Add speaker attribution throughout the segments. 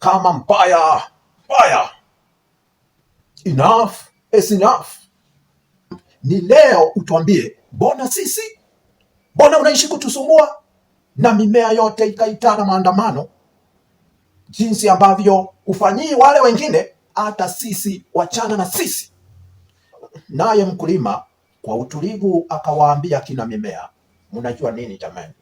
Speaker 1: kama mbaya mbaya. Enough is enough. Ni leo utwambie, mbona sisi, mbona unaishi kutusumbua? Na mimea yote ikaitana maandamano, jinsi ambavyo ufanyii wale wengine, hata sisi, wachana na sisi. Naye mkulima kwa utulivu akawaambia kina mimea, mnajua nini jamani,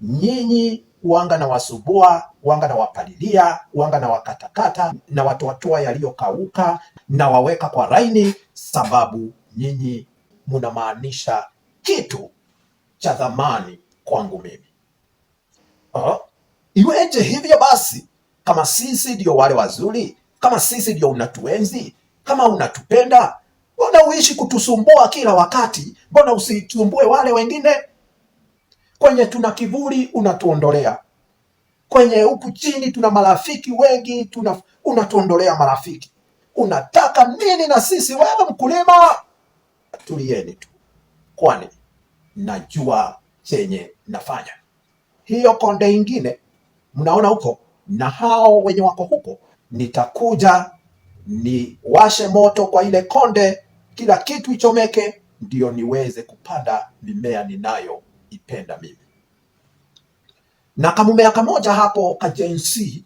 Speaker 1: nyinyi wanga na wasubua, wanga na wapalilia, wanga na wakatakata na watoatoa yaliyokauka na waweka kwa laini, sababu nyinyi munamaanisha kitu cha thamani kwangu mimi. Oh, iweje hivyo basi? Kama sisi ndio wale wazuri, kama sisi ndio unatuenzi, kama unatupenda, mbona uishi kutusumbua kila wakati? Mbona usisumbue wale wengine? Kwenye tuna kivuli unatuondolea, kwenye huku chini tuna marafiki wengi tuna, unatuondolea marafiki. Unataka nini na sisi? Wewe mkulima, tulieni tu, kwani najua chenye nafanya. Hiyo konde ingine mnaona huko, na hao wenye wako huko, nitakuja niwashe moto kwa ile konde, kila kitu ichomeke, ndiyo niweze kupanda mimea ninayoipenda mimi na kamumea kamoja hapo kajensi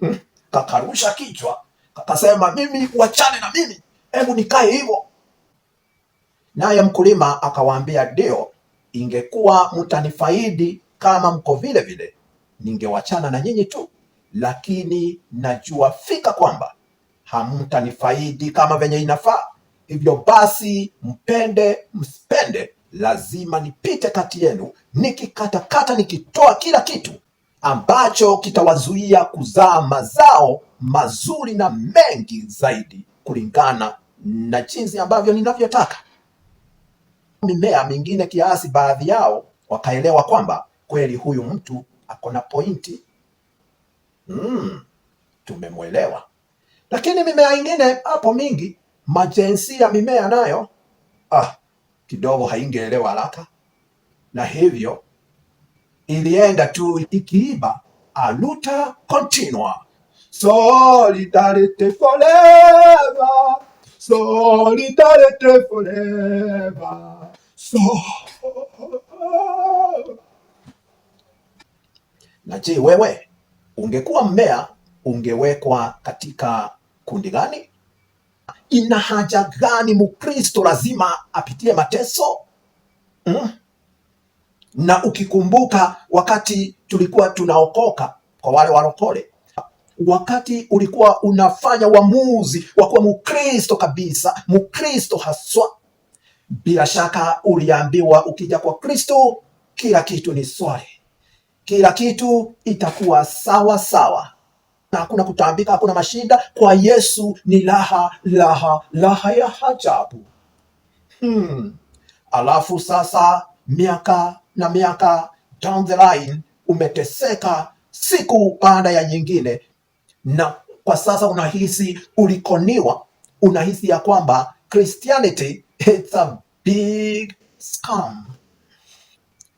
Speaker 1: hmm, kakarusha kichwa kakasema, mimi wachane na mimi, hebu nikae hivyo. Naye mkulima akawaambia, ndio, ingekuwa mtanifaidi kama mko vile vile, ningewachana na nyinyi tu, lakini najua fika kwamba hamtanifaidi kama venye inafaa. Hivyo basi, mpende msipende, lazima nipite kati yenu, nikikatakata, nikitoa kila kitu ambacho kitawazuia kuzaa mazao mazuri na mengi zaidi kulingana na jinsi ambavyo ninavyotaka. Mimea mingine kiasi, baadhi yao wakaelewa kwamba kweli huyu mtu ako na pointi mm, tumemwelewa. Lakini mimea ingine hapo mingi, majensia mimea nayo ah, kidogo haingeelewa haraka, na hivyo ilienda tu ikiiba a luta continua solidarity forever solidarity forever so... Na je, wewe ungekuwa mmea ungewekwa katika kundi gani? ina haja gani Mkristo lazima apitie mateso hmm? Na ukikumbuka wakati tulikuwa tunaokoka, kwa wale walokole, wakati ulikuwa unafanya uamuzi wa kuwa Mkristo kabisa, Mkristo haswa, bila shaka uliambiwa ukija kwa Kristo kila kitu ni swali, kila kitu itakuwa sawa sawa na hakuna kutaabika, hakuna mashida. Kwa Yesu ni raha, raha, raha ya ajabu hmm. Alafu sasa miaka na miaka down the line umeteseka siku baada ya nyingine, na kwa sasa unahisi ulikoniwa, unahisi ya kwamba Christianity it's a big scam.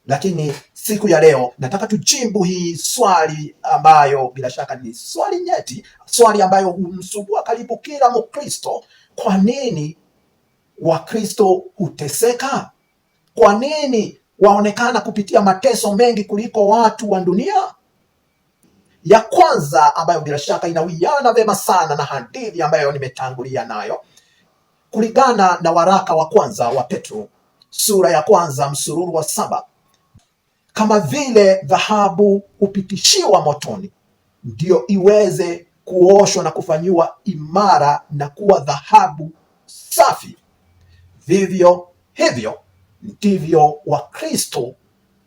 Speaker 1: Lakini siku ya leo nataka tujimbu hii swali ambayo bila shaka ni swali nyeti, swali ambayo humsumbua karibu kila Mkristo. Kwa nini Wakristo huteseka? Kwa nini waonekana kupitia mateso mengi kuliko watu wa dunia? Ya kwanza ambayo bila shaka inawiana vema sana na hadithi ambayo nimetangulia nayo, kulingana na waraka wa kwanza wa Petro sura ya kwanza msururu wa saba kama vile dhahabu hupitishiwa motoni, ndio iweze kuoshwa na kufanyiwa imara na kuwa dhahabu safi. Vivyo hivyo ndivyo Wakristo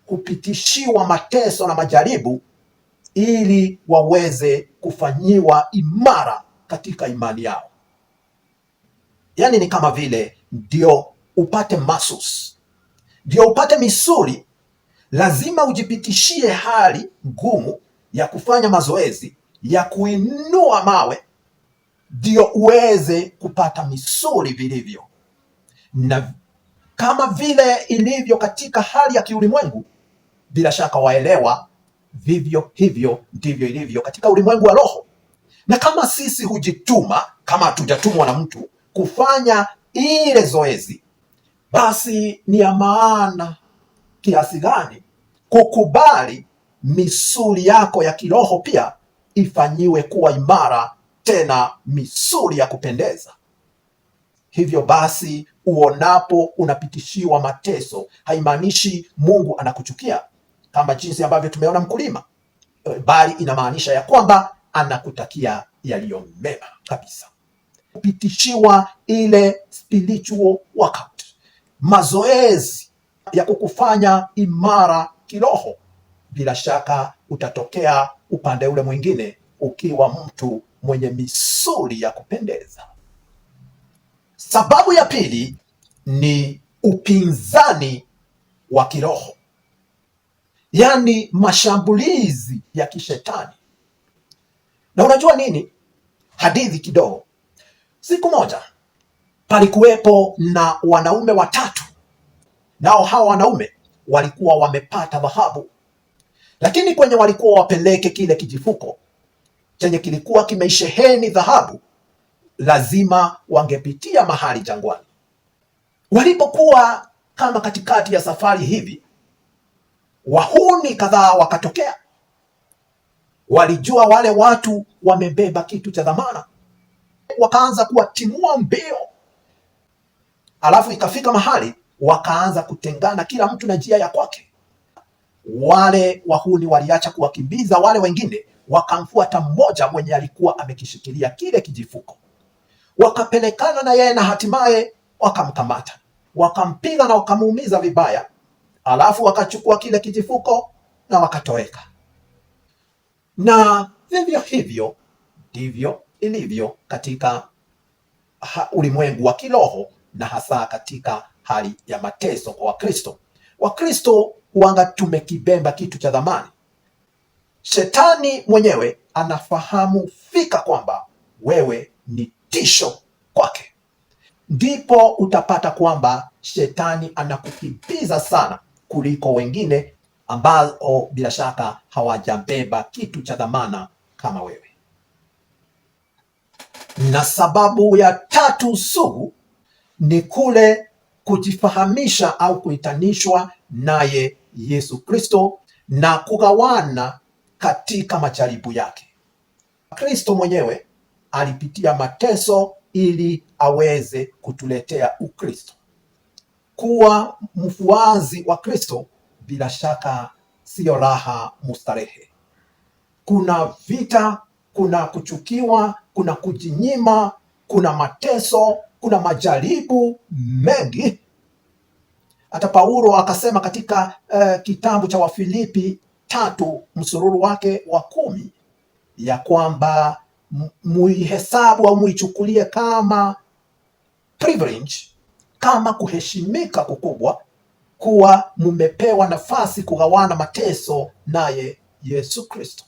Speaker 1: hupitishiwa mateso na majaribu ili waweze kufanyiwa imara katika imani yao. Yaani ni kama vile ndio upate masus, ndio upate misuli lazima ujipitishie hali ngumu ya kufanya mazoezi ya kuinua mawe ndio uweze kupata misuli vilivyo. Na kama vile ilivyo katika hali ya kiulimwengu, bila shaka waelewa, vivyo hivyo ndivyo ilivyo katika ulimwengu wa roho. Na kama sisi hujituma, kama hatujatumwa na mtu kufanya ile zoezi, basi ni ya maana kiasi gani kukubali misuli yako ya kiroho pia ifanyiwe kuwa imara, tena misuli ya kupendeza. Hivyo basi, uonapo unapitishiwa mateso, haimaanishi Mungu anakuchukia kama jinsi ambavyo tumeona mkulima, e, bali inamaanisha ya kwamba anakutakia yaliyo mema kabisa. Kupitishiwa ile spiritual workout, mazoezi ya kukufanya imara kiroho, bila shaka utatokea upande ule mwingine ukiwa mtu mwenye misuli ya kupendeza. Sababu ya pili ni upinzani wa kiroho, yaani mashambulizi ya kishetani. Na unajua nini, hadithi kidogo. Siku moja palikuwepo na wanaume watatu nao hawa wanaume walikuwa wamepata dhahabu, lakini kwenye walikuwa wapeleke kile kijifuko chenye kilikuwa kimeisheheni dhahabu, lazima wangepitia mahali jangwani. Walipokuwa kama katikati ya safari hivi, wahuni kadhaa wakatokea. Walijua wale watu wamebeba kitu cha dhamana, wakaanza kuwatimua mbio, alafu ikafika mahali wakaanza kutengana, kila mtu na njia ya kwake. Wale wahuni waliacha kuwakimbiza wale wengine, wakamfuata mmoja mwenye alikuwa amekishikilia kile kijifuko, wakapelekana na yeye, na hatimaye wakamkamata, wakampiga na wakamuumiza vibaya, alafu wakachukua kile kijifuko na wakatoweka. Na vivyo hivyo ndivyo ilivyo katika ulimwengu wa kiroho na hasa katika hali ya mateso kwa Wakristo. Wakristo wanga tumekibemba kitu cha dhamani. Shetani mwenyewe anafahamu fika kwamba wewe ni tisho kwake, ndipo utapata kwamba shetani anakukimbiza sana kuliko wengine ambao bila shaka hawajabeba kitu cha dhamana kama wewe. Na sababu ya tatu sugu ni kule kujifahamisha au kuitanishwa naye Yesu Kristo na kugawana katika majaribu yake. Kristo mwenyewe alipitia mateso ili aweze kutuletea Ukristo. Kuwa mfuazi wa Kristo bila shaka siyo raha mustarehe. Kuna vita, kuna kuchukiwa, kuna kujinyima, kuna mateso, kuna majaribu mengi. Hata Paulo akasema katika uh, eh, kitabu cha Wafilipi tatu msururu wake wa kumi ya kwamba muihesabu au muichukulie kama privilege, kama kuheshimika kukubwa kuwa mumepewa nafasi kugawana mateso naye Yesu Kristo.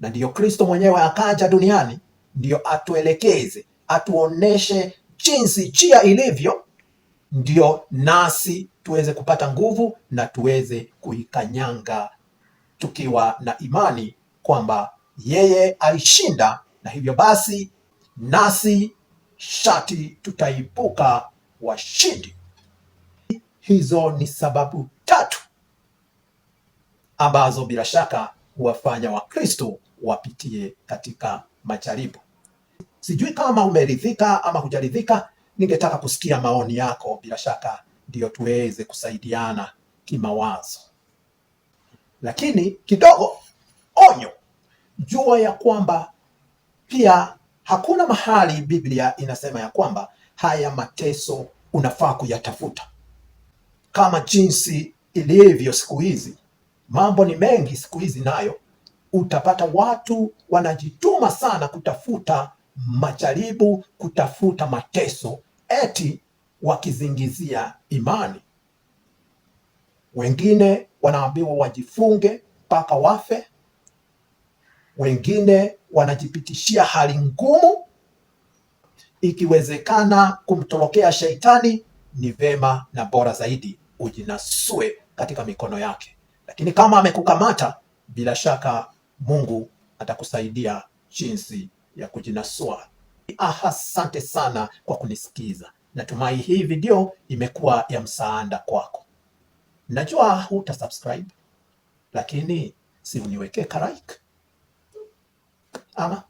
Speaker 1: Na ndiyo Kristo mwenyewe akaja duniani ndiyo atuelekeze atuoneshe jinsi chia ilivyo, ndio nasi tuweze kupata nguvu na tuweze kuikanyanga tukiwa na imani kwamba yeye alishinda, na hivyo basi nasi shati tutaibuka washindi. Hizo ni sababu tatu ambazo bila shaka huwafanya Wakristo wapitie katika majaribu. Sijui kama umeridhika ama hujaridhika, ningetaka kusikia maoni yako, bila shaka ndio tuweze kusaidiana kimawazo. Lakini kidogo onyo, jua ya kwamba pia hakuna mahali Biblia inasema ya kwamba haya mateso unafaa kuyatafuta kama jinsi ilivyo siku hizi. Mambo ni mengi siku hizi, nayo utapata watu wanajituma sana kutafuta majaribu, kutafuta mateso, eti wakizingizia imani. Wengine wanaambiwa wajifunge mpaka wafe, wengine wanajipitishia hali ngumu, ikiwezekana kumtorokea Sheitani ni vema na bora zaidi ujinasue katika mikono yake. Lakini kama amekukamata, bila shaka Mungu atakusaidia jinsi ya kujinasua. Asante sana kwa kunisikiza. Natumai hii video imekuwa ya msaada kwako. Najua huta subscribe, lakini si uniwekee like ama